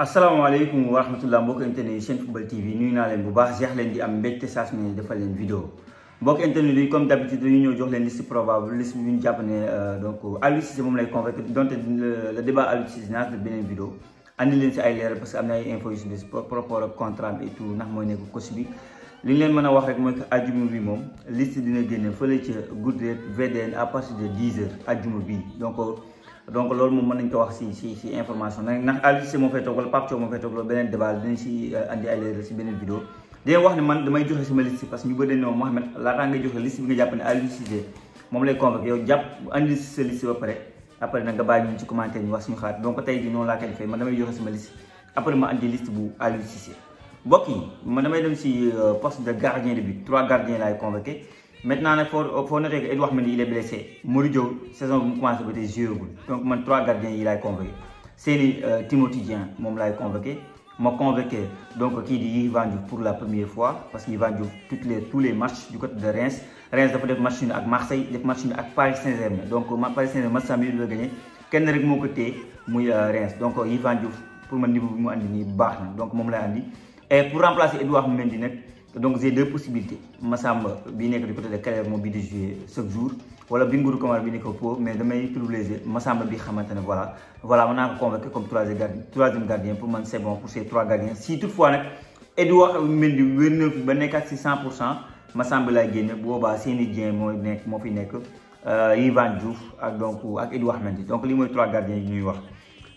asalaamaaleykum wa rahmatullah mbokk internet yi seen football tv nuyu naa leen bu baax jeex leen di am mbégte saa su ne defal leen vidéo mbokk internet yi comme d'habitude dañu ñëw jox leen liste probable liste bi ñu jàpp ne euh, donc Aliou Cissé moom lay convaincre donte le débat Aliou Cissé naa def beneen vidéo andi leen si ay leeral parce que am na ay info yu si des par rapport ak contrat et tout ndax mooy nekk coach bi li ñu leen mën a wax rek mooy que bi moom liste dina génne fële ca Goodreads VDN à partir de 10 heures ajuma bi donc donc loolu moom mën nañ ko wax si si si information nag ndax Aliou moo fay toog wala Pape Thiaw moo fay toog loolu beneen débat dinañ si euh, andi ay leeral si beneen vidéo di wax ne man damay joxe sama liste parce que ñu bëri dañ bi nga jàpp ne après nag nga bàyyi ñu ci commentaire ñu wax suñu xalaat donc tey noonu laa koy defee man damay joxe sama liste après ma andi liste bu Aliou Cissé yi man damay dem si euh, poste de gardien de but trois gardiens laay convoqué maintenant il faut, noter que Edouard Mendy il est blessé la saison commence avec commencé yeux donc a trois gardiens il été convoqué C'est euh, Timothy Dien, moom l'a convoqué ma convoqué donc qui Yvan pour la première fois parce qu'il Yvan Diouf toutes les tous les matchs du côté de Reims Reims a fait des matchs avec Marseille et match avec Paris Saint-Germain donc Paris Saint-Germain match a yi de gagné Kendrick mon côté, moi euh, Reims donc Yvan Diouf pour mon niveau de mu donc moom l'a dit. et pour remplacer Edouard Mendy donc j'ai deux possibilités samba bi nek du côté de Kader mo bi de jouer chaque jour wala Bingourou Kamara bi nek po mais damay privilégier samba bi xamante voilà voilà mën naa ko comme troisième gardien troisième gardien pour man c'est bon pour ces trois gardiens si toutefois nag Edouard Mendy wér na ba nek si 100 ma samba lay laay boba seni boobaa mo nek mo fi nek euh Ivan Diouf ak donc ak Edouard Mendy donc lii mooy trois gardiens yi ñuy wax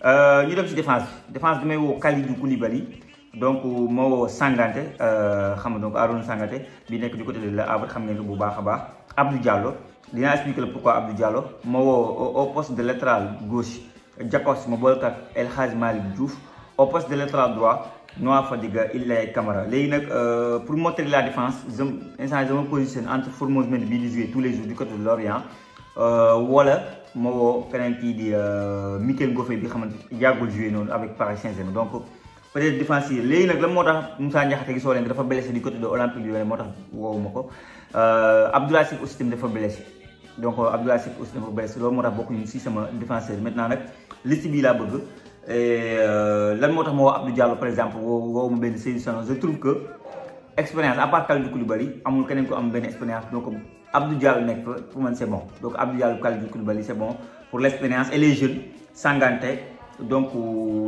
euh, ñu dem ci défense défense damay wo Kalidou Koulibaly donc moo Sangante euh, xam donc Arouna Sangante bi nekk du côté de la Havre xam ngeen ko bu baax a Abdou Diallo dinaa expliquer pourquoi Abdou Diallo moo woo au poste de latéral gauche Jakobs ma boole El Hadj Malick Diouf au poste de latéral droit Noa Fadiga Ilay Camara léegi nag euh, pour montrer la défense je instant me positionne entre Formose Mendy bi di jouer tous les jours du côté de Lorient euh, wala ma woo keneen kii di Mikel Goffey bi xamante yàggul jouer noonu avec Paris Saint-Germain donc peut-être défensive léegi nag lan moo tax Moussa Niakhaté gisoo leen dafa blessé di côté de Olympique Lyonnais moo tax woowuma ko euh, Abdoulaye Seck aussi tamit dafa blessé donc euh, Abdoulaye Seck aussi dafa blessé loolu moo tax bokkuñu si sama défenseur maintenant nag liste bii laa bëgg euh, lan moo tax ma woo Abdou Diallo par exemple woo woo ma benn sélection je trouve que expérience à part Kalidou Koulibaly amul keneen ko am benn expérience donc Abdou Diallo nekk fa pour man c' est bon donc Abdou Diallo Kalidou Koulibaly c' est bon pour l' expérience et les jeunes Sanganté donc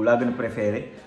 la gën a préféré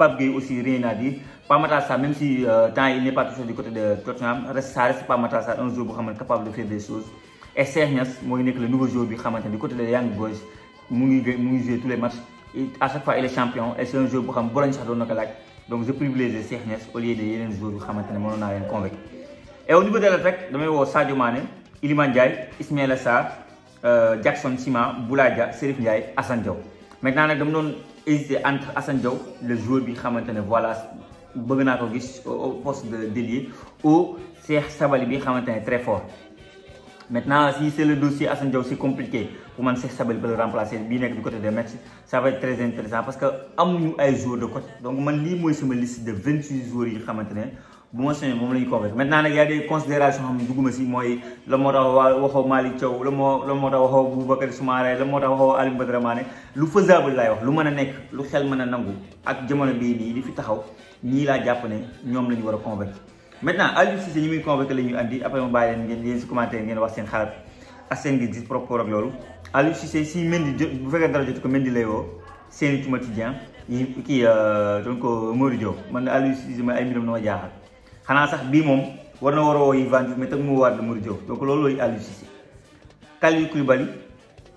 Pape Gueye aussi, rien à dire. ça même si euh, tant il n'est pas toujours du côté de Tottenham, ça reste Matassa un joueur capable de faire des choses. Et Sernias, moi, il le nouveau joueur du côté de Young Boys. Il joue tous les matchs. Et à chaque fois, il est champion. Et c'est un joueur qui est bon. Donc, je privilégie Sernias au lieu de Yélen joueur qui est convaincu. Et au niveau de l'attaque, je vais Sadio Mane, Iliman Diaye, Ismail Assar, euh, Jackson Sima, Bouladia, Serif Ndiaye, Hassan Maintenant, nous vais hésité entre Assane le joueur bi il voilà bëgg au poste de délire ou Cheikh Sabali qui xamante très fort maintenant si c'est le dossier Assane c'est compliqué pour man Cheikh Sabali peut le remplacer bien du côté des matchs ça va être très intéressant parce que a un jour de côté donc man lii sur sama liste de 28 jours joueurs yi xamante bu ma sañoon moom la ñu maintena maintenant nag y a des considérations xam dugguma si mooy la moo tax waxoo Malick Thiaw la moo la moo tax waxoo Boubacar Soumaré la moo tax waxoo Alioune lu faisable laay wax lu mën a nekk lu xel mën a nangu ak jamono bii nii di fi taxaw ñii laa jàpp ne ñoom la ñu war a convaincre maintenant Aliou Cissé ñi muy convaincre la ñuy andi après ma bàyyi leen ngeen yéen si commentaire ngeen wax seen xalaat ak seen gis-gis propos ak loolu Aliou Cissé si Mendy bu fekkee dara jotu ko Mendy kii euh, doon ko euh, Modou Diop man Aliou Cissé ay mbiram na ma xanaa sax bii moom war na war a woo Yehvan Diouf mais teg mu waar Mamadou Diop donc loolu lay Aliou Cissé Kalidou Koulibaly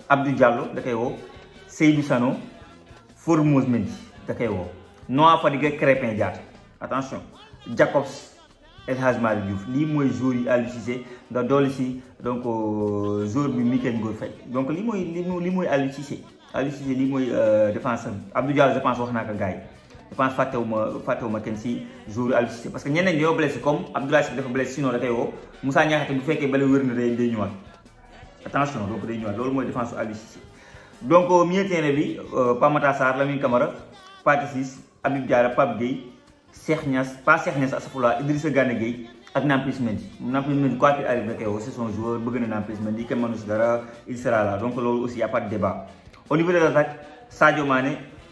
Abdou Diallo da koy woo Seydou Sano Formose Mendy da koy woo Noah Fadiga Crépin Diatta attention Jacobs El Hadj Malick Diouf lii mooy joueur yi Aliou nga dolli si donc euh, joueur bi Mikayil Ngor Faye donc lii mooy lii mooy Aliou Cissé Aliou lii mooy euh, défense am Abdou Diallo wax naa ko gars je pense fàttewuma fàttewuma kenn si jour Aliou Cissé parce que ñeneen ñoo blessé comme Abdoulaye Cissé dafa blessé sinon da koy woo Moussa Niakhaté bu fekkee bala wér day day ñëwaat attention donc day ñëwaat loolu mooy défense su Aliou Cissé donc euh, milieu terrain bi euh, Pape Matar Sarr Lamine Camara Pathé Ciss Habib Diarra Pape Gueye Cheikh Niass pas Cheikh Niass asafula Idrissa Gana Gueye ak Nampalys Mendy Nampalys Mendy quoi qu'il arrive da koy woo c'est son joueur bëgg na Nampalys Mendy kenn mënu si dara il sera là donc loolu aussi y a pas de débat au niveau de l'attaque Sadio Mané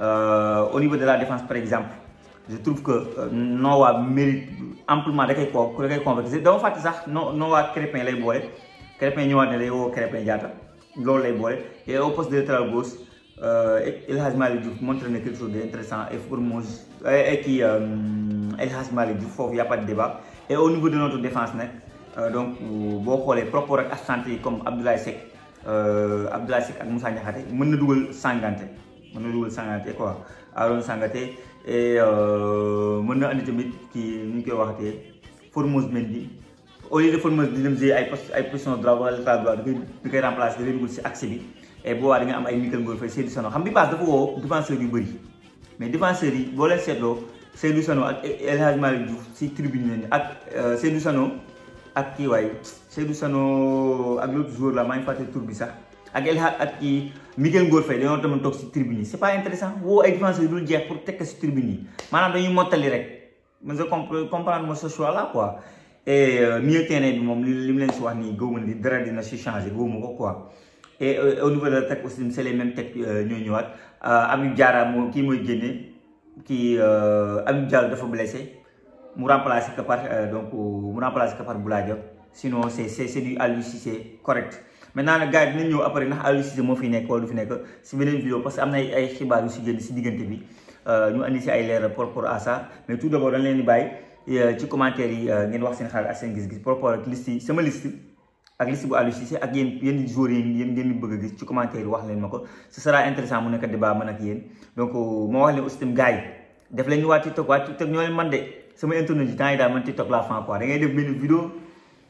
euh, au niveau de la défense par exemple je trouve que euh, Noah mérite amplement da koy ko da koy convertir dama fàtte sax Noah Crépin lay boole Crépin ñëwaat ne lay woo Crépin Diatta loolu lay boole et au poste de latéral gauche euh, El Hadj Diouf montre quelque chose d'intéressant et pour moi et kii euh, El Hadj Malick Diouf il y' a pas de débat et au niveau de notre défense nag donc boo xoolee propos ak absent comme Abdoulaye Seck Abdoulaye Seck et Moussa Niakhaté mën na dugal Sanganté mënul sàngate eh, quoi aaroon sàngate et eh, eh, mën na andi tamit kii nu ñu koy waxatee Formose Mendy oh, au lieu de Formose di dem jouer ay poste ay position droit wala latéral droit da koy da koy remplacer dafay dugg si axe bi et bu boobaa da am ay Mikal Ngor Faye Sono xam bi paas dafa woo défenseurs yu bëri mais défenseurs yi boo leen seetloo Seydou Sono ak oh, El Hadj Malick Diouf si tribune leen ak Seydou Sono ak kii waay Seydou Sono ak l'autre jour la maa ngi fàtte sax. ak El Hadj ak kii Miguel Ngor Faye dañoo tamit toog si tribune yi c' est pas intéressant woo ay défenseurs dul jeex pour tekk si tribune maanaam dañuy mottali rek mais je comprendre ma ce choix là quoi et euh, moom li li mu leen si wax nii gëw ma ni dara dina si changé gëw ma ko quoi et euh, au niveau de l'attaque aussi c' est les mêmes teg euh, ñoo ñëwaat Habib Diarra moom kii mooy génne kii Habib Diallo dafa blessé mu remplacé ko par donc mu remplacé ko par Boulaye Diop sinon c' est c' est du Aliou correct maintenant nag gars yi dinañ ñëw après ndax Aliou Cissé moo fi nekk wala du fi nekk si beneen vidéo parce que am na ay xibaar yu si génn si diggante bi euh, ñu andi si ay leeral à ça mais tout d'abord dañ leen di bàyyi euh, ci commentaire yi euh, ngeen wax seen xalaat ak seen gis-gis par rapport ak liste yi sama liste ak liste bu Aliou Cissé ak yéen yéen joueurs yi yéen ngeen bëgg a gis ci commentaire yi wax leen ma ko ce sera intéressant mu nekk débat man ak yéen donc moo wax leen aussi tam gars def leen ñu TikTok TikTok ñoo leen man de sama internet yi man TikTok fan quoi da ngay def benn vidéo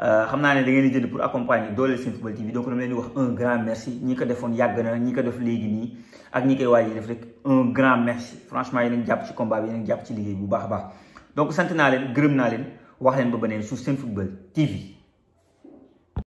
xam naa ne da ngeen di jënd pour accompagner dooleel seen football TV donc dama leen di wax un grand merci ñi ko defoon yàgg na ñi ko def léegi nii ak ñi koy waaj def rek un grand merci franchement yéen a jàpp ci combat bi yéen a jàpp ci liggéey bu baax a baax donc sant naa leen gërëm naa leen wax leen ba beneen suuf seen football TV.